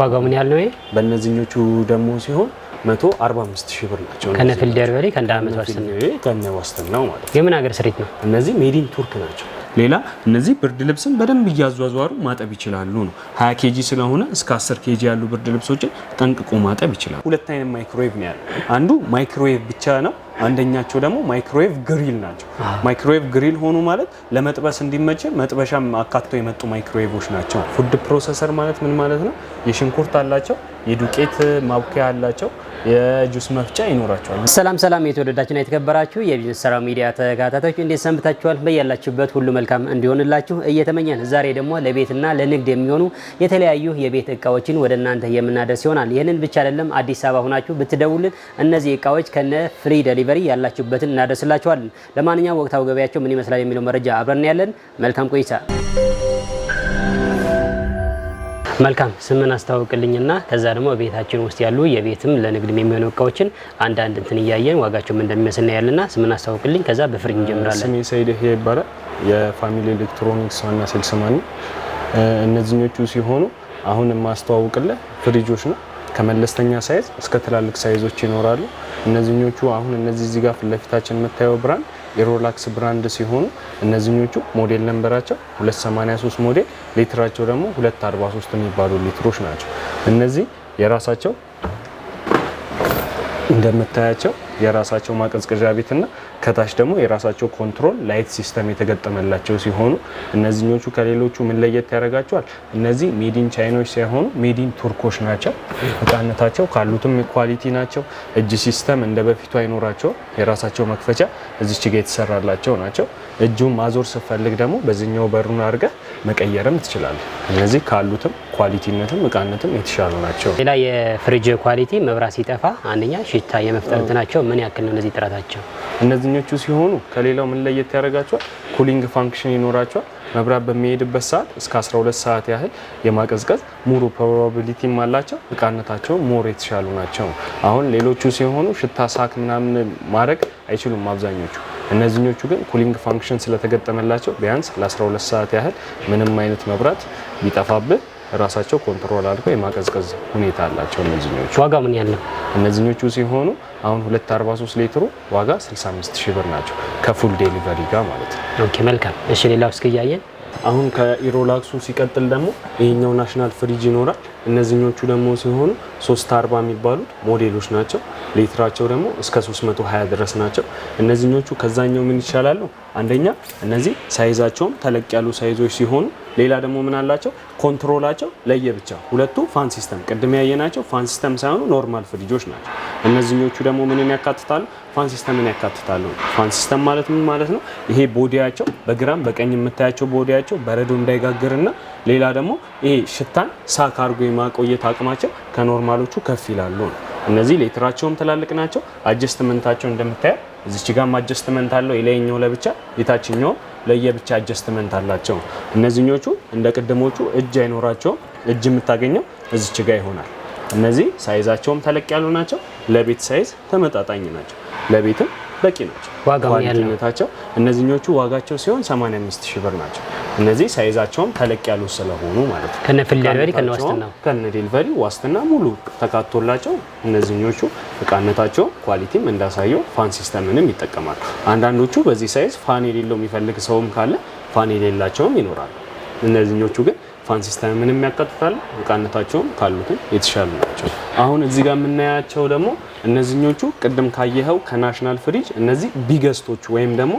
ዋጋው ምን ያለው ይሄ? በእነዚህኞቹ ደግሞ ሲሆን 145 ሺህ ብር ናቸው። ከነ ፊል ደርበሪ ከእንደ አመት ዋስትና ከነ ዋስትናው ማለት ነው። የምን ሀገር ስሪት ነው? እነዚህ ሜዲን ቱርክ ናቸው። ሌላ እነዚህ ብርድ ልብስን በደንብ እያዟዟሩ ማጠብ ይችላሉ ነው። 20 ኬጂ ስለሆነ እስከ 10 ኬጂ ያሉ ብርድ ልብሶችን ጠንቅቆ ማጠብ ይችላል። ሁለት አይነት ማይክሮዌቭ ነው ያለው። አንዱ ማይክሮዌቭ ብቻ ነው አንደኛቸው ደግሞ ማይክሮዌቭ ግሪል ናቸው። ማይክሮዌቭ ግሪል ሆኑ ማለት ለመጥበስ እንዲመች መጥበሻም አካቶ የመጡ ማይክሮዌቮች ናቸው። ፉድ ፕሮሰሰር ማለት ምን ማለት ነው? የሽንኩርት አላቸው፣ የዱቄት ማብኪያ አላቸው፣ የጁስ መፍጫ ይኖራቸዋል። ሰላም ሰላም፣ የተወደዳችሁና የተከበራችሁ የቢዝነስ ስራ ሚዲያ ተከታታዮች እንዴት ሰንብታችኋል? በያላችሁበት ሁሉ መልካም እንዲሆንላችሁ እየተመኘን ዛሬ ደግሞ ለቤትና ለንግድ የሚሆኑ የተለያዩ የቤት እቃዎችን ወደ እናንተ የምናደርስ ይሆናል። ይህንን ብቻ አይደለም አዲስ አበባ ሁናችሁ ብትደውልን እነዚህ እቃዎች ከነ ፍሪ ዴሊቨሪ ያላችሁበትን እናደርስላችኋለን። ለማንኛውም ወቅታዊ ገበያቸው ምን ይመስላል የሚለው መረጃ አብረን ያለን። መልካም ቆይታ። መልካም ስምን አስታውቅልኝና ከዛ ደግሞ ቤታችን ውስጥ ያሉ የቤትም ለንግድም የሚሆኑ እቃዎችን አንዳንድ እንትን እያየን ዋጋቸውም እንደሚመስል ነው ያለና ስምን አስታውቅልኝ። ከዛ በፍርድ እንጀምራለን። ስሜ ሰይድ ይሄ ይባላል። የፋሚሊ ኤሌክትሮኒክስ ዋና ሴልስማን ነው። እነዚህኞቹ ሲሆኑ አሁን የማስተዋውቅልህ ፍሪጆች ነው። ከመለስተኛ ሳይዝ እስከ ትላልቅ ሳይዞች ይኖራሉ። እነዚህኞቹ አሁን እነዚህ እዚህ ጋር ፊት የምታየው ብራንድ የሮላክስ ብራንድ ሲሆኑ እነዚህኞቹ ሞዴል ነንበራቸው 283 ሞዴል፣ ሊትራቸው ደግሞ 243 የሚባሉ ሊትሮች ናቸው። እነዚህ የራሳቸው እንደምታያቸው የራሳቸው ማቀዝቀዣ ቤትና ከታች ደግሞ የራሳቸው ኮንትሮል ላይት ሲስተም የተገጠመላቸው ሲሆኑ እነዚህኞቹ ከሌሎቹ ምን ለየት ያደርጋቸዋል? እነዚህ ሜዲን ቻይኖች ሳይሆኑ ሜዲን ቱርኮች ናቸው። እቃነታቸው ካሉትም ኳሊቲ ናቸው። እጅ ሲስተም እንደ በፊቱ አይኖራቸውም። የራሳቸው መክፈቻ እዚች ጋ የተሰራላቸው ናቸው። እጁን ማዞር ስፈልግ ደግሞ በዚህኛው በሩን አድርገህ መቀየርም ትችላለህ። እነዚህ ካሉትም ኳሊቲነትም እቃነትም የተሻሉ ናቸው። ሌላ የፍሪጅ ኳሊቲ መብራት ሲጠፋ አንደኛ ሽታ የመፍጠርት ናቸው። ምን ያክል ነው እነዚህ ጥራታቸው? እነዚህኞቹ ሲሆኑ ከሌላው ምን ለየት ያደርጋቸዋል? ኩሊንግ ፋንክሽን ይኖራቸዋል። መብራት በሚሄድበት ሰዓት እስከ 12 ሰዓት ያህል የማቀዝቀዝ ሙሉ ፕሮባቢሊቲም አላቸው። እቃነታቸው ሞር የተሻሉ ናቸው። አሁን ሌሎቹ ሲሆኑ ሽታ ሳክ ምናምን ማድረግ አይችሉም አብዛኞቹ እነዚህኞቹ ግን ኩሊንግ ፋንክሽን ስለተገጠመላቸው ቢያንስ ለ12 ሰዓት ያህል ምንም አይነት መብራት ቢጠፋብህ ራሳቸው ኮንትሮል አድርገው የማቀዝቀዝ ሁኔታ አላቸው። እነዚህኞቹ ዋጋ ምን ያለው እነዚህኞቹ ሲሆኑ አሁን 243 ሊትሩ ዋጋ 65 ሺህ ብር ናቸው ከፉል ዴሊቨሪ ጋር ማለት ነው። ኦኬ መልካም። እሺ ሌላው እስኪ እያየን አሁን ከኢሮላክሱ ሲቀጥል ደግሞ ይሄኛው ናሽናል ፍሪጅ ይኖራል። እነዚህኞቹ ደግሞ ሲሆኑ 340 የሚባሉት ሞዴሎች ናቸው። ሌትራቸው ደግሞ እስከ 320 ድረስ ናቸው። እነዚህኞቹ ከዛኛው ምን ይቻላሉ? አንደኛ እነዚህ ሳይዛቸውም ተለቅ ያሉ ሳይዞች ሲሆኑ፣ ሌላ ደግሞ ምን አላቸው? ኮንትሮላቸው ለየብቻ ሁለቱ ፋን ሲስተም ቅድም ያየናቸው ፋን ሲስተም ሳይሆኑ ኖርማል ፍሪጆች ናቸው። እነዚህኞቹ ደግሞ ምንን ያካትታሉ? ፋን ሲስተምን ያካትታሉ። ፋን ሲስተም ማለት ምን ማለት ነው? ይሄ ቦዲያቸው በግራም በቀኝ የምታያቸው ቦዲያቸው በረዶ እንዳይጋግርና ሌላ ደግሞ ይሄ ሽታን ሳክ አድርጎ የማቆየት አቅማቸው ከኖርማሎቹ ከፍ ይላሉ ነው። እነዚህ ሌትራቸውም ትላልቅ ናቸው። አጀስትመንታቸው እንደምታየው እዚች ጋም አጀስትመንት አለው። የላይኛው ለብቻ የታችኛው ለየብቻ አጀስትመንት አላቸው። እነዚህኞቹ እንደ ቅድሞቹ እጅ አይኖራቸውም። እጅ የምታገኘው እዚች ጋ ይሆናል። እነዚህ ሳይዛቸውም ተለቅ ያሉ ናቸው። ለቤት ሳይዝ ተመጣጣኝ ናቸው። ለቤትም በቂ ናቸው። ዋጋነታቸው እነዚህኞቹ ዋጋቸው ሲሆን 85 ሺህ ብር ናቸው። እነዚህ ሳይዛቸውም ተለቅ ያሉ ስለሆኑ ማለት ነው ከነ ከነ ዋስትና ከነ ዲሊቨሪ ዋስትና ሙሉ ተካቶላቸው እነዚህኞቹ እቃነታቸው ኳሊቲም እንዳሳየው ፋን ሲስተምንም ይጠቀማሉ። አንዳንዶቹ በዚህ ሳይዝ ፋን የሌለው የሚፈልግ ሰውም ካለ ፋን የሌላቸውም ይኖራሉ። እነዚህኞቹ ግን ፋን ሲስተምንም ያካትታል። እቃነታቸውም ካሉትም የተሻሉ ናቸው። አሁን እዚህ ጋር የምናያቸው ደግሞ እነዚህኞቹ ቅድም ካየኸው ከናሽናል ፍሪጅ እነዚህ ቢገስቶቹ ወይም ደግሞ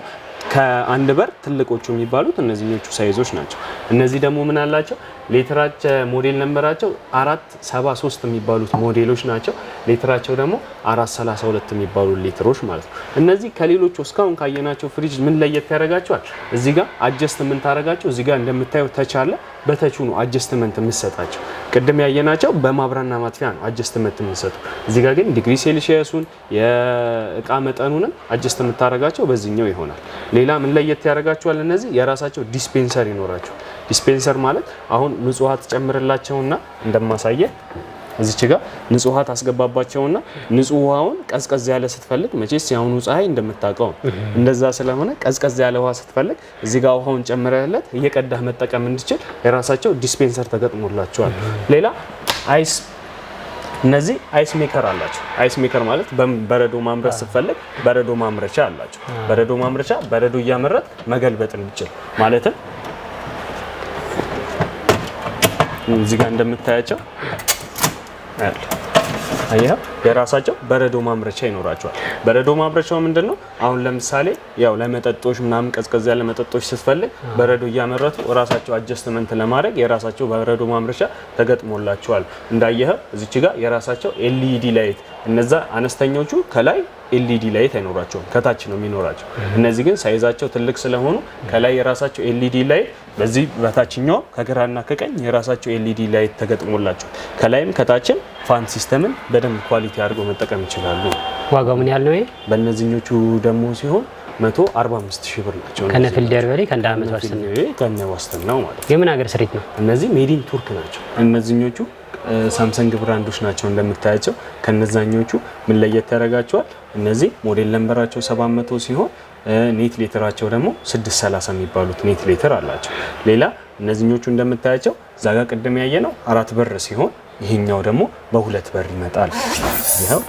ከአንድ በር ትልቆቹ የሚባሉት እነዚህኞቹ ሳይዞች ናቸው። እነዚህ ደግሞ ምን አላቸው? ሌተራቸ ሞዴል ነንበራቸው አራት ሰባ ሶስት የሚባሉት ሞዴሎች ናቸው። ሌተራቸው ደግሞ አራት ሁለት የሚባሉ ሌተሮች ማለት ነው። እነዚህ ከሌሎቹ እስካሁን ካየናቸው ፍሪጅ ምን ለየት ያደርጋቸዋል? እዚህ ጋር አጀስትመንት አደርጋቸው እዚህ ጋር እንደምታየው ተች አለ። በተቹ ነው አጀስትመንት የምሰጣቸው። ቅድም ያየናቸው በማብራና ማጥፊያ ነው አጀስትመንት የምንሰጡ። እዚህ ጋር ግን ዲግሪ ሴልሺየሱን የእቃ መጠኑንም አጀስት የምታደርጋቸው በዚህኛው ይሆናል። ሌላ ምን ለየት ያደርጋቸዋል? እነዚህ የራሳቸው ዲስፔንሰር ይኖራቸው ዲስፔንሰር ማለት አሁን ንጹህ ውሃ ትጨምርላቸውና እንደማሳየ እዚች ጋር ንጹህ ውሃ ታስገባባቸውና ንጹህ ውሃውን ቀዝቀዝ ያለ ስትፈልግ መቼስ ያሁኑ ፀሐይ እንደምታውቀው እንደዛ ስለሆነ ቀዝቀዝ ያለ ውሃ ስትፈልግ እዚህ ጋር ውሃውን ጨምረለት እየቀዳህ መጠቀም እንድችል የራሳቸው ዲስፔንሰር ተገጥሞላቸዋል። ሌላ አይስ እነዚህ አይስ ሜከር አላቸው። አይስ ሜከር ማለት በረዶ ማምረት ስትፈልግ በረዶ ማምረቻ አላቸው። በረዶ ማምረቻ በረዶ እያመረት መገልበጥ እንድችል ማለትም እዚህ ጋር እንደምታያቸው አየኸው የራሳቸው በረዶ ማምረቻ ይኖራቸዋል። በረዶ ማምረቻው ምንድን ነው? አሁን ለምሳሌ ያው ለመጠጦች ምናምን ቀዝቀዝ ያለ መጠጦች ስትፈልግ በረዶ እያመረቱ ራሳቸው አጀስትመንት ለማድረግ የራሳቸው በረዶ ማምረቻ ተገጥሞላቸዋል። እንዳየኸው እዚች ጋር የራሳቸው ኤልኢዲ ላይት e እነዛ አነስተኞቹ ከላይ ኤልኢዲ ላይት አይኖራቸውም፣ ከታች ነው የሚኖራቸው። እነዚህ ግን ሳይዛቸው ትልቅ ስለሆኑ ከላይ የራሳቸው ኤልኢዲ ላይት በዚህ በታችኛው ከግራና ከቀኝ የራሳቸው ኤልኢዲ ላይት ተገጥሞላቸው ከላይም ከታችም ፋን ሲስተምን በደንብ ኳሊቲ አድርገው መጠቀም ይችላሉ። ዋጋው ምን ያህል ነው? በእነዚህኞቹ ደግሞ ሲሆን 145 ሺህ ብር ናቸው። ከነ ፊልደር በሬ ከነ አመት ዋስትናው ከነ ዋስትናው ማለት የምን ሀገር ስሪት ነው? እነዚህ ሜዲን ቱርክ ናቸው እነዚህኞቹ ሳምሰንግ ብራንዶች ናቸው እንደምታያቸው። ከነዛኞቹ ምን ለየት ያደርጋቸዋል? እነዚህ ሞዴል ነንበራቸው 700 ሲሆን ኔት ሌተራቸው ደግሞ 630 የሚባሉት ኔት ሌተር አላቸው። ሌላ እነዚኞቹ እንደምታያቸው ዛጋ ቅድም ያየነው አራት በር ሲሆን ይሄኛው ደግሞ በሁለት በር ይመጣል። ይኸው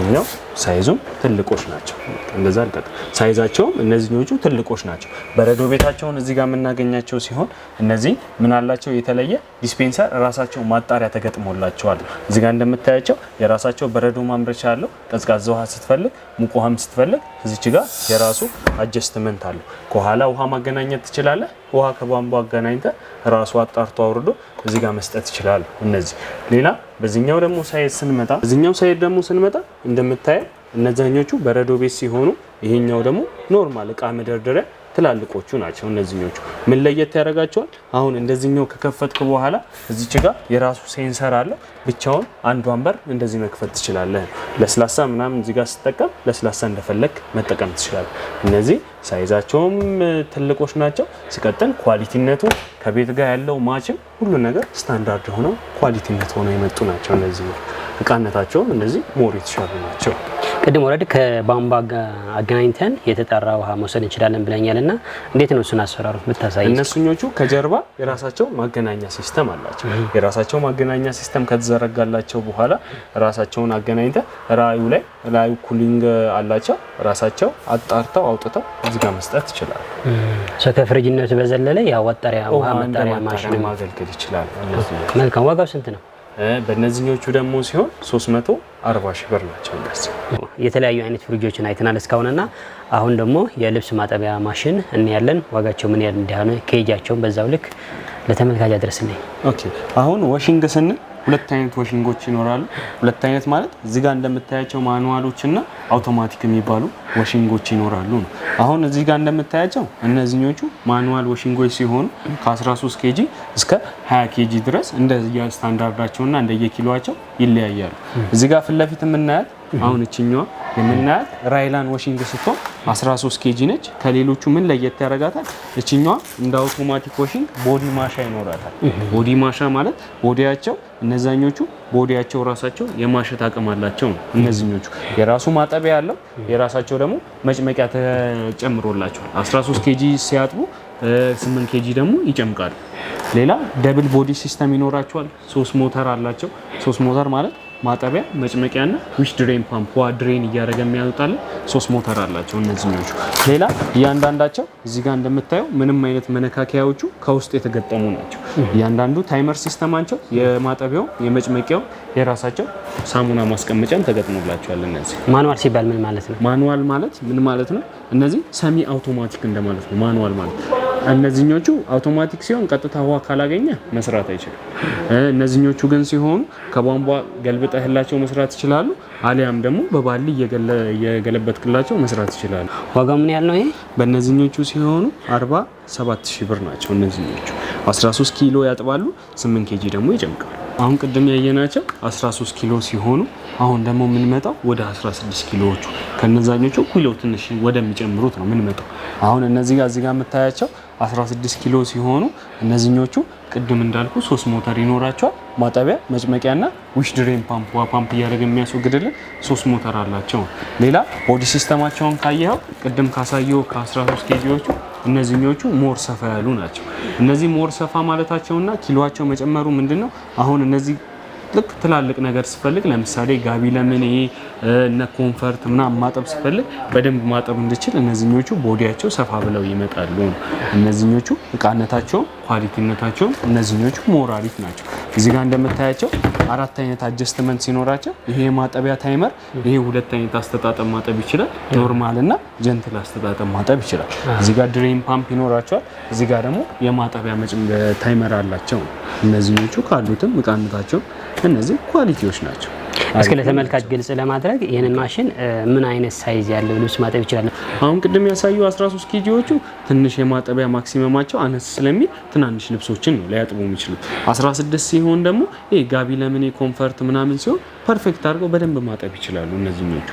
ይኸው ሳይዙም ትልቆች ናቸው። እንደዛ አልቀጥ ሳይዛቸውም እነዚህኞቹ ትልቆች ናቸው። በረዶ ቤታቸውን እዚህ ጋር የምናገኛቸው ሲሆን እነዚህ ምን አላቸው የተለየ ዲስፔንሰር ራሳቸው ማጣሪያ ተገጥሞላቸዋል። እዚህ ጋር እንደምታያቸው የራሳቸው በረዶ ማምረቻ አለው። ቀዝቃዛ ውሃ ስትፈልግ፣ ሙቅ ውሃም ስትፈልግ እዚች ጋር የራሱ አጀስትመንት አለው። ከኋላ ውሃ ማገናኘት ትችላለህ። ውሃ ከቧንቧ አገናኝተ ራሱ አጣርቶ አውርዶ እዚህ ጋር መስጠት ይችላል። እነዚህ ሌላ በዚኛው ደግሞ ሳይድ ስንመጣ በዚኛው ሳይድ ደግሞ ስንመጣ እንደምታየ እነዛኞቹ በረዶ ቤት ሲሆኑ ይሄኛው ደግሞ ኖርማል እቃ መደርደሪያ ትላልቆቹ ናቸው። እነዚህኞቹ ምን ለየት ያደርጋቸዋል? አሁን እንደዚህኛው ከከፈትክ በኋላ እዚች ጋር የራሱ ሴንሰር አለ። ብቻውን አንዷን በር እንደዚህ መክፈት ትችላለህ። ለስላሳ ምናምን እዚህ ጋር ስጠቀም ለስላሳ እንደፈለግ መጠቀም ትችላለህ። እነዚህ ሳይዛቸውም ትልቆች ናቸው። ሲቀጥል ኳሊቲነቱ ከቤት ጋር ያለው ማችም ሁሉ ነገር ስታንዳርድ ሆነው ኳሊቲነት ሆነው የመጡ ናቸው። እነዚህ እቃነታቸውም እነዚህ ሞር የተሻሉ ናቸው። ቅድም ወረድ ከቧንቧ አገናኝተን የተጣራ ውሃ መውሰድ እንችላለን ብለኛል እና እንዴት ነው እሱን አሰራሩ የምታሳይ? እነሱኞቹ ከጀርባ የራሳቸው ማገናኛ ሲስተም አላቸው። የራሳቸው ማገናኛ ሲስተም ከተዘረጋላቸው በኋላ ራሳቸውን አገናኝተ ራዩ ላይ ራዩ ኩሊንግ አላቸው። ራሳቸው አጣርተው አውጥተው እዚጋ መስጠት ይችላል። ከፍሪጅነቱ በዘለለ ያወጠሪያ ውሃ መጣሪያ ማሽን ማገልገል ይችላል። መልካም። ዋጋው ስንት ነው? በእነዚህኞቹ ደግሞ ሲሆን 340 ሺህ ብር ናቸው። የተለያዩ አይነት ፍሪጆችን አይተናል እስካሁንና አሁን ደግሞ የልብስ ማጠቢያ ማሽን እንያለን። ዋጋቸው ምን ያህል እንዲሆነ ከሄጃቸውን በዛው ልክ ለተመልካች አድረስልኝ። ኦኬ አሁን ዋሽንግ ስንል ሁለት አይነት ዋሽንጎች ይኖራሉ። ሁለት አይነት ማለት እዚህ ጋር እንደምታያቸው ማኑዋሎች እና አውቶማቲክ የሚባሉ ወሽንጎች ይኖራሉ ነው። አሁን እዚህ ጋር እንደምታያቸው እነዚህኞቹ ማኑዋል ወሽንጎች ሲሆኑ ከ13 ኬጂ እስከ 20 ኬጂ ድረስ እንደየ ስታንዳርዳቸውና እንደየኪሎቸው ይለያያሉ። እዚህ ጋር ፊት ለፊት የምናያት አሁን እችኛዋ የምናያት ራይላን ዋሽንግ ስትሆን 13 ኬጂ ነች። ከሌሎቹ ምን ለየት ያደርጋታል? እችኛ እንደ አውቶማቲክ ዋሽንግ ቦዲ ማሻ ይኖራታል። ቦዲ ማሻ ማለት ቦዲያቸው እነዛኞቹ ቦዲያቸው ራሳቸው የማሸት አቅም አላቸው ነው። እነዚኞቹ የራሱ ማጠቢያ ያለው የራሳቸው ደግሞ መጭመቂያ ተጨምሮላቸዋል። 13 ኬጂ ሲያጥቡ 8 ኬጂ ደግሞ ይጨምቃሉ። ሌላ ደብል ቦዲ ሲስተም ይኖራቸዋል። ሶስት ሞተር አላቸው። ሶስት ሞተር ማለት ማጠቢያ መጭመቂያ ና ዊሽ ድሬን ፓምፕ ዋ ድሬን እያደረገ የሚያወጣለን ሶስት ሞተር አላቸው እነዚህኞቹ። ሌላ እያንዳንዳቸው እዚህ ጋር እንደምታየው ምንም አይነት መነካከያዎቹ ከውስጥ የተገጠሙ ናቸው። እያንዳንዱ ታይመር ሲስተማቸው የማጠቢያው የመጭመቂያው የራሳቸው ሳሙና ማስቀመጫን ተገጥሞላቸዋል። እነዚህ ማኑዋል ሲባል ምን ማለት ነው? ማኑዋል ማለት ምን ማለት ነው? እነዚህ ሰሚ አውቶማቲክ እንደማለት ነው ማኑዋል ማለት እነዚህኞቹ አውቶማቲክ ሲሆን ቀጥታ ውሃ ካላገኘ መስራት አይችልም። እነዚህኞቹ ግን ሲሆኑ ከቧንቧ ገልብጠህላቸው መስራት ይችላሉ። አሊያም ደግሞ በባሊ እየገለበጥክላቸው መስራት ይችላሉ። ዋጋ ምን ያህል ነው? ይሄ በእነዚህኞቹ ሲሆኑ 47 ሺህ ብር ናቸው። እነዚህኞቹ 13 ኪሎ ያጥባሉ፣ 8 ኬጂ ደግሞ ይጨምቃሉ። አሁን ቅድም ያየናቸው 13 ኪሎ ሲሆኑ አሁን ደግሞ የምንመጣው ወደ 16 ኪሎዎቹ ከነዛኞቹ ኪሎ ትንሽ ወደሚጨምሩት ነው የምንመጣው። አሁን እነዚህ ጋር እዚህ ጋር የምታያቸው 16 ኪሎ ሲሆኑ እነዚህኞቹ ቅድም እንዳልኩ ሶስት ሞተር ይኖራቸዋል። ማጠቢያ፣ መጭመቂያና ዊሽ ድሬን ፓምፕ ዋ ፓምፕ እያደረገ የሚያስወግድልን ሶስት ሞተር አላቸው። ሌላ ቦዲ ሲስተማቸውን ካየኸው ቅድም ካሳየው ከ13 ኬጂዎቹ እነዚህኞቹ ሞር ሰፋ ያሉ ናቸው። እነዚህ ሞር ሰፋ ማለታቸውና ኪሎቸው መጨመሩ ምንድን ነው አሁን እነዚህ ልክ ትላልቅ ነገር ስፈልግ ለምሳሌ ጋቢ ለምን እነ ኮንፈርት ምናምን ማጠብ ስፈልግ በደንብ ማጠብ እንድችል እነዚህኞቹ ቦዲያቸው ሰፋ ብለው ይመጣሉ። እነዚህኞቹ እቃነታቸውም ኳሊቲነታቸው እነዚህኞቹ ሞር አሪፍ ናቸው። እዚህ ጋር እንደምታያቸው አራት አይነት አጀስትመንት ሲኖራቸው ይሄ የማጠቢያ ታይመር፣ ይሄ ሁለት አይነት አስተጣጠብ ማጠብ ይችላል፣ ኖርማል እና ጀንትል አስተጣጠብ ማጠብ ይችላል። እዚህ ጋር ድሬን ፓምፕ ይኖራቸዋል። እዚህ ጋር ደግሞ የማጠቢያ ታይመር አላቸው። እነዚህኞቹ ካሉትም እቃነታቸው እነዚህ ኳሊቲዎች ናቸው። እስከ ለተመልካች ግልጽ ለማድረግ ይህንን ማሽን ምን አይነት ሳይዝ ያለው ልብስ ማጠብ ይችላል? አሁን ቅድም ያሳዩ 13 ኬጂዎቹ ትንሽ የማጠቢያ ማክሲመማቸው አነስ ስለሚል ትናንሽ ልብሶችን ነው ሊያጥቡ የሚችሉት። 16 ሲሆን ደግሞ ይሄ ጋቢ ለምን ኮንፈርት ምናምን ሲሆን ፐርፌክት አድርገው በደንብ ማጠብ ይችላሉ። እነዚህኞቹ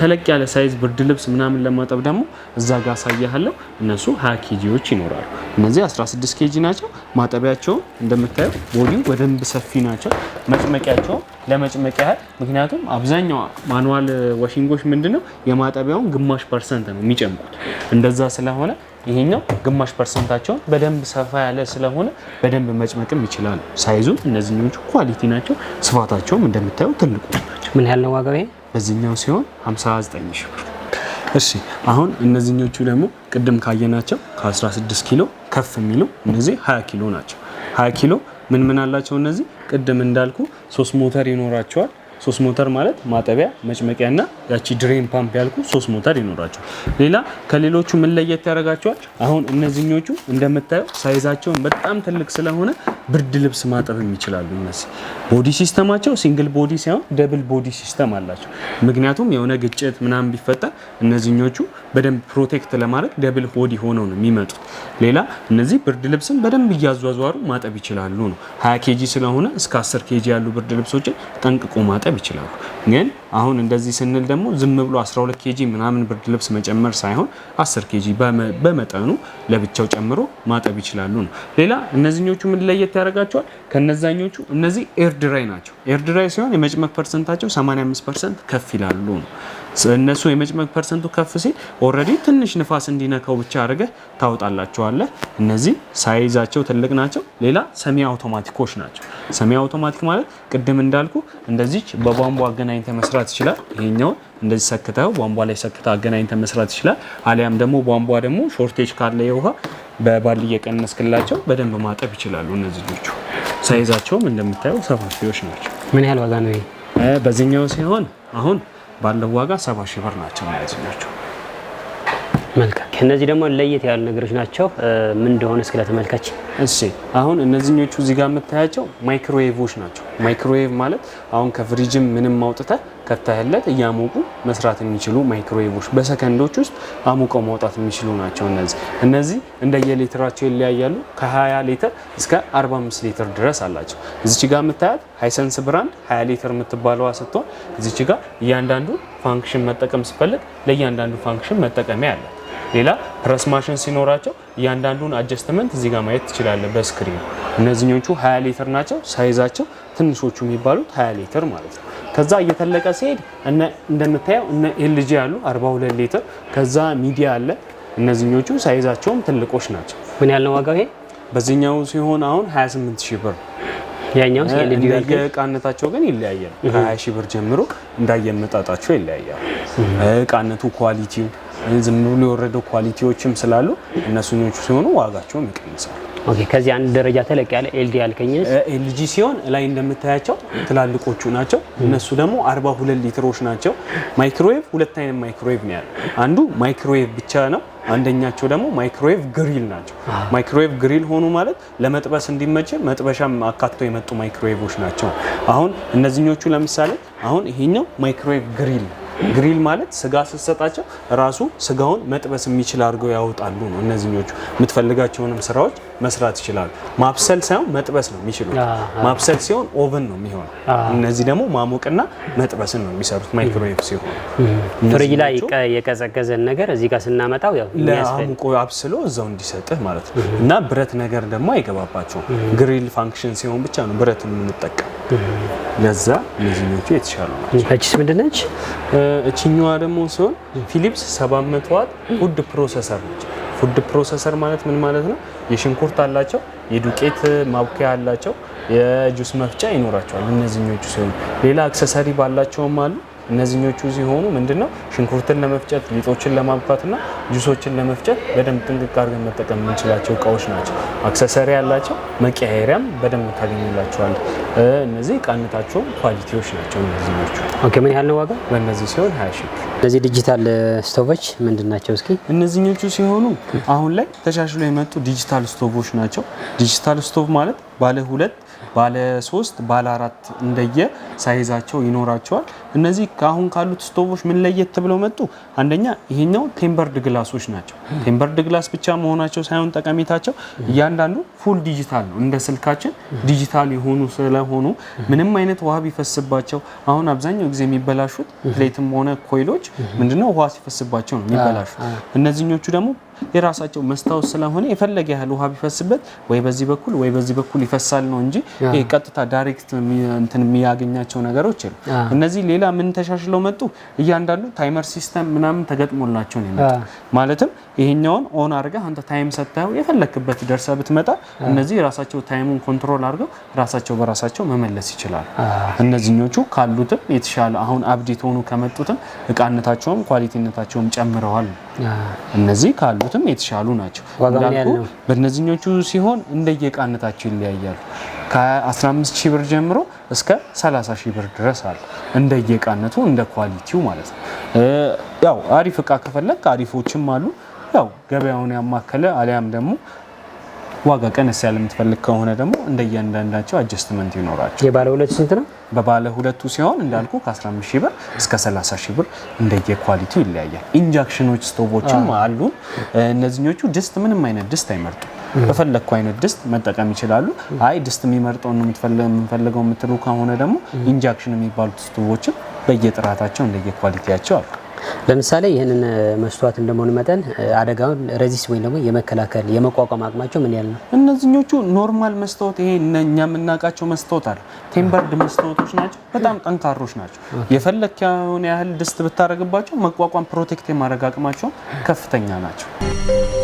ተለቅ ያለ ሳይዝ ብርድ ልብስ ምናምን ለማጠብ ደግሞ እዛ ጋር አሳያለሁ። እነሱ 20 ኬጂዎች ይኖራሉ። እነዚህ 16 ኬጂ ናቸው። ማጠቢያቸው እንደምታየው ቦዲው በደንብ ሰፊ ናቸው። መጭመቂያቸውም ለመጭመቅ ያህል ምክንያቱም አብዛኛው ማኑዋል ዋሽንጎች ምንድነው የማጠቢያውን ግማሽ ፐርሰንት ነው የሚጨምቁት። እንደዛ ስለሆነ ይሄኛው ግማሽ ፐርሰንታቸውን በደንብ ሰፋ ያለ ስለሆነ በደንብ መጭመቅም ይችላሉ። ሳይዙ እነዚህኞቹ ኳሊቲ ናቸው። ስፋታቸውም እንደምታየው ትልቁ ናቸው። ምን ያህል ነው ዋጋው? በዚህኛው ሲሆን 59 ሺ ብር። እሺ አሁን እነዚህኞቹ ደግሞ ቅድም ካየናቸው ከ16 ኪሎ ከፍ የሚሉ እነዚህ 20 ኪሎ ናቸው። 20 ኪሎ ምን ምን አላቸው እነዚህ? ቅድም እንዳልኩ ሶስት ሞተር ይኖራቸዋል። ሶስት ሞተር ማለት ማጠቢያ መጭመቂያ እና ያቺ ድሬን ፓምፕ ያልኩ ሶስት ሞተር ይኖራቸዋል። ሌላ ከሌሎቹ ምን ለየት ያደርጋቸዋል? አሁን እነዚህኞቹ እንደምታየው ሳይዛቸውን በጣም ትልቅ ስለሆነ ብርድ ልብስ ማጠብም ይችላሉ። እነዚህ ቦዲ ሲስተማቸው ሲንግል ቦዲ ሳይሆን ደብል ቦዲ ሲስተም አላቸው። ምክንያቱም የሆነ ግጭት ምናምን ቢፈጠር እነዚህኞቹ በደንብ ፕሮቴክት ለማድረግ ደብል ቦዲ ሆነው ነው የሚመጡት። ሌላ እነዚህ ብርድ ልብስን በደንብ እያዟዟሩ ማጠብ ይችላሉ ነው። 20 ኬጂ ስለሆነ እስከ 10 ኬጂ ያሉ ብርድ ልብሶችን ጠንቅቆ ማጠብ መቆጠብ ይችላሉ። ግን አሁን እንደዚህ ስንል ደግሞ ዝም ብሎ 12 ኬጂ ምናምን ብርድ ልብስ መጨመር ሳይሆን 10 ኬጂ በመጠኑ ለብቻው ጨምሮ ማጠብ ይችላሉ ነው። ሌላ እነዚህኞቹ ምን ለየት ያደርጋቸዋል ከነዛኞቹ? እነዚህ ኤርድራይ ናቸው። ኤርድራይ ሲሆን የመጭመቅ ፐርሰንታቸው 85 ፐርሰንት ከፍ ይላሉ ነው። እነሱ የመጭመቅ ፐርሰንቱ ከፍ ሲል ኦልሬዲ ትንሽ ንፋስ እንዲነካው ብቻ አድርገህ ታወጣላቸዋለህ። እነዚህ ሳይዛቸው ትልቅ ናቸው። ሌላ ሰሚ አውቶማቲኮች ናቸው። ሰሚ አውቶማቲክ ማለት ቅድም እንዳልኩ እንደዚች በቧንቧ አገናኝተ መስራት ይችላል። ይሄኛውን እንደዚህ ሰክተው ቧንቧ ላይ ሰክተ አገናኝተ መስራት ይችላል። አሊያም ደግሞ ቧንቧ ደግሞ ሾርቴጅ ካለ የውሃ በባል እየቀነስክላቸው በደንብ ማጠብ ይችላሉ። እነዚህ ልጆቹ ሳይዛቸውም እንደምታየው ሰፋፊዎች ናቸው። ምን ያህል ዋጋ ነው ይሄ በዚህኛው ሲሆን አሁን ባለው ዋጋ ሰባ ሺህ ብር ናቸው እነዚህ ናቸው። መልካም እነዚህ ደግሞ ለየት ያሉ ነገሮች ናቸው። ምን እንደሆነ እስከ ለተመልካች። እሺ፣ አሁን እነዚህኞቹ እዚህ ጋር የምታያቸው ማይክሮዌቮች ናቸው። ማይክሮዌቭ ማለት አሁን ከፍሪጅም ምንም አውጥተ ከተህለት እያሞቁ መስራት የሚችሉ ማይክሮዌቮች በሰከንዶች ውስጥ አሙቀው ማውጣት የሚችሉ ናቸው። እነዚህ እነዚህ እንደየሌትራቸው ይለያያሉ። ከ20 ሊትር እስከ 45 ሊትር ድረስ አላቸው። እዚች ጋር የምታያት ሃይሰንስ ብራንድ 20 ሊትር የምትባለዋ ስትሆን እዚች ጋር እያንዳንዱ ፋንክሽን መጠቀም ስፈልግ ለእያንዳንዱ ፋንክሽን መጠቀሚያ አለ። ሌላ ፕረስ ማሽን ሲኖራቸው እያንዳንዱን አጀስትመንት እዚህ ጋር ማየት ትችላለህ በስክሪን። እነዚህኞቹ 20 ሊትር ናቸው ሳይዛቸው ትንሾቹ የሚባሉት 20 ሊትር ማለት ነው። ከዛ እየተለቀ ሲሄድ እንደምታየው እነ ኤልጂ ያሉ 42 ሊትር፣ ከዛ ሚዲያ አለ። እነዚህኞቹ ሳይዛቸውም ትልቆች ናቸው። ምን ያለው ዋጋው ይሄ በዚህኛው ሲሆን አሁን 28 ሺህ ብር ያኛው እቃነታቸው ግን ይለያያል። ከ20 ሺህ ብር ጀምሮ እንዳየመጣጣቸው ይለያያል። እቃነቱ ኳሊቲው ዝም ብሎ የወረደው ኳሊቲዎችም ስላሉ እነሱኞቹ ሲሆኑ ዋጋቸውም ይቀንሳል። ኦኬ ከዚህ አንድ ደረጃ ተለቅ ያለ ኤልጂ ያልከኝ ኤልጂ ሲሆን ላይ እንደምታያቸው ትላልቆቹ ናቸው። እነሱ ደግሞ 42 ሊትሮች ናቸው። ማይክሮዌቭ ሁለት አይነት ማይክሮዌቭ ነው ያለው። አንዱ ማይክሮዌቭ ብቻ ነው። አንደኛቸው ደግሞ ማይክሮዌቭ ግሪል ናቸው። ማይክሮዌቭ ግሪል ሆኑ ማለት ለመጥበስ እንዲመች መጥበሻም አካቶ የመጡ ማይክሮዌቮች ናቸው። አሁን እነዚህኞቹ ለምሳሌ አሁን ይሄኛው ማይክሮዌቭ ግሪል ግሪል ማለት ስጋ ስትሰጣቸው ራሱ ስጋውን መጥበስ የሚችል አድርገው ያወጣሉ ነው። እነዚህኞቹ የምትፈልጋቸውንም ስራዎች መስራት ይችላሉ። ማብሰል ሳይሆን መጥበስ ነው የሚችሉት። ማብሰል ሲሆን ኦቨን ነው የሚሆነው። እነዚህ ደግሞ ማሞቅና መጥበስን ነው የሚሰሩት ማይክሮዌቭ ሲሆን፣ ፍሪጅ ላይ የቀዘቀዘን ነገር እዚህ ጋር ስናመጣው ለአሙቆ አብስሎ እዛው እንዲሰጥህ ማለት ነው። እና ብረት ነገር ደግሞ አይገባባቸውም። ግሪል ፋንክሽን ሲሆን ብቻ ነው ብረት የምንጠቀም ለዛ እነዚህኞቹ የተሻሉ ናቸው። እቺስ ምንድነች? እችኛዋ ደግሞ ሲሆን ፊሊፕስ 700 ዋት ፉድ ፕሮሰሰር ነች። ፉድ ፕሮሰሰር ማለት ምን ማለት ነው? የሽንኩርት አላቸው፣ የዱቄት ማብኪያ አላቸው፣ የጁስ መፍጫ ይኖራቸዋል። እነዚህኞቹ ሲሆኑ ሌላ አክሰሰሪ ባላቸውም አሉ። እነዚህኞቹ ሲሆኑ ምንድነው ሽንኩርትን ለመፍጨት ሊጦችን ለማብኳትና ጁሶችን ለመፍጨት በደንብ ጥንቅቅ አድርገን መጠቀም የምንችላቸው እቃዎች ናቸው። አክሰሰሪ ያላቸው መቀያየሪያም በደንብ ታገኙላቸዋል። እነዚህ ቃንታቸው ኳሊቲዎች ናቸው። እነዚህኞቹ ኦኬ። ምን ያህል ነው ዋጋ በእነዚህ ሲሆን? ሀያ ሺ እነዚህ ዲጂታል ስቶቮች ምንድን ናቸው? እስኪ እነዚህኞቹ ሲሆኑ አሁን ላይ ተሻሽሎ የመጡ ዲጂታል ስቶቮች ናቸው። ዲጂታል ስቶቭ ማለት ባለ ሁለት ባለ ሶስት ባለ አራት እንደየ ሳይዛቸው ይኖራቸዋል። እነዚህ ከአሁን ካሉት ስቶቮች ምን ለየት ብለው መጡ? አንደኛ ይሄኛው ቴምበርድ ግላሶች ናቸው። ቴምበርድ ግላስ ብቻ መሆናቸው ሳይሆን ጠቀሜታቸው እያንዳንዱ ፉል ዲጂታል ነው። እንደ ስልካችን ዲጂታል የሆኑ ስለሆኑ ምንም አይነት ውሃ ቢፈስባቸው፣ አሁን አብዛኛው ጊዜ የሚበላሹት ፕሌትም ሆነ ኮይሎች ምንድነው ውሃ ሲፈስባቸው ነው የሚበላሹት። እነዚህኞቹ ደግሞ የራሳቸው መስታወት ስለሆነ የፈለገ ያህል ውሃ ቢፈስበት ወይ በዚህ በኩል ወይ በዚህ በኩል ይፈሳል ነው እንጂ ይሄ ቀጥታ ዳይሬክት እንትን የሚያገኛቸው ነገሮች የሉ። እነዚህ ሌላ ምን ተሻሽለው መጡ? እያንዳንዱ ታይመር ሲስተም ምናምን ተገጥሞላቸው ነው የመጡ። ማለትም ይሄኛውን ኦን አድርገህ አንተ ታይም ሰጥተኸው የፈለክበት ደርሰ ብትመጣ እነዚህ የራሳቸው ታይሙን ኮንትሮል አድርገው ራሳቸው በራሳቸው መመለስ ይችላል። እነዚህኞቹ ካሉትም የተሻለ አሁን አብዴት ሆኑ ከመጡትም እቃነታቸውም ኳሊቲነታቸውም ጨምረዋል። እነዚህ ካሉ የሚሸጡትም የተሻሉ ናቸው። እንዳልኩ በእነዚህኞቹ ሲሆን እንደየእቃነታቸው ይለያያሉ። ከ15 ሺህ ብር ጀምሮ እስከ 30 ሺህ ብር ድረስ አለ። እንደየእቃነቱ እንደ ኳሊቲው ማለት ነው። ያው አሪፍ እቃ ከፈለግ አሪፎችም አሉ። ያው ገበያውን ያማከለ አሊያም ደግሞ ዋጋ ቀነስ ያለ የምትፈልግ ከሆነ ደግሞ እንደ እያንዳንዳቸው አጀስትመንት ይኖራቸው። የባለ ሁለቱ ስንት ነው? በባለ ሁለቱ ሲሆን እንዳልኩ ከ15 ሺ ብር እስከ 30 ሺ ብር እንደየ ኳሊቲ ይለያያል። ኢንጃክሽኖች ስቶቮችም አሉ። እነዚኞቹ ድስት ምንም አይነት ድስት አይመርጡም። በፈለግኩ አይነት ድስት መጠቀም ይችላሉ። አይ ድስት የሚመርጠውን ነው የምንፈልገው የምትሉ ከሆነ ደግሞ ኢንጃክሽን የሚባሉት ስቶቮችም በየጥራታቸው እንደየኳሊቲያቸው አሉ። ለምሳሌ ይህንን መስተዋት እንደመሆኑ መጠን አደጋውን ረዚስ ወይም ደግሞ የመከላከል የመቋቋም አቅማቸው ምን ያህል ነው? እነዚህኞቹ ኖርማል መስታወት ይሄ እኛ የምናውቃቸው መስታወት አለ ቴምበርድ መስታወቶች ናቸው። በጣም ጠንካሮች ናቸው። የፈለከውን ያህል ድስት ብታረግባቸው መቋቋም ፕሮቴክት የማድረግ አቅማቸው ከፍተኛ ናቸው።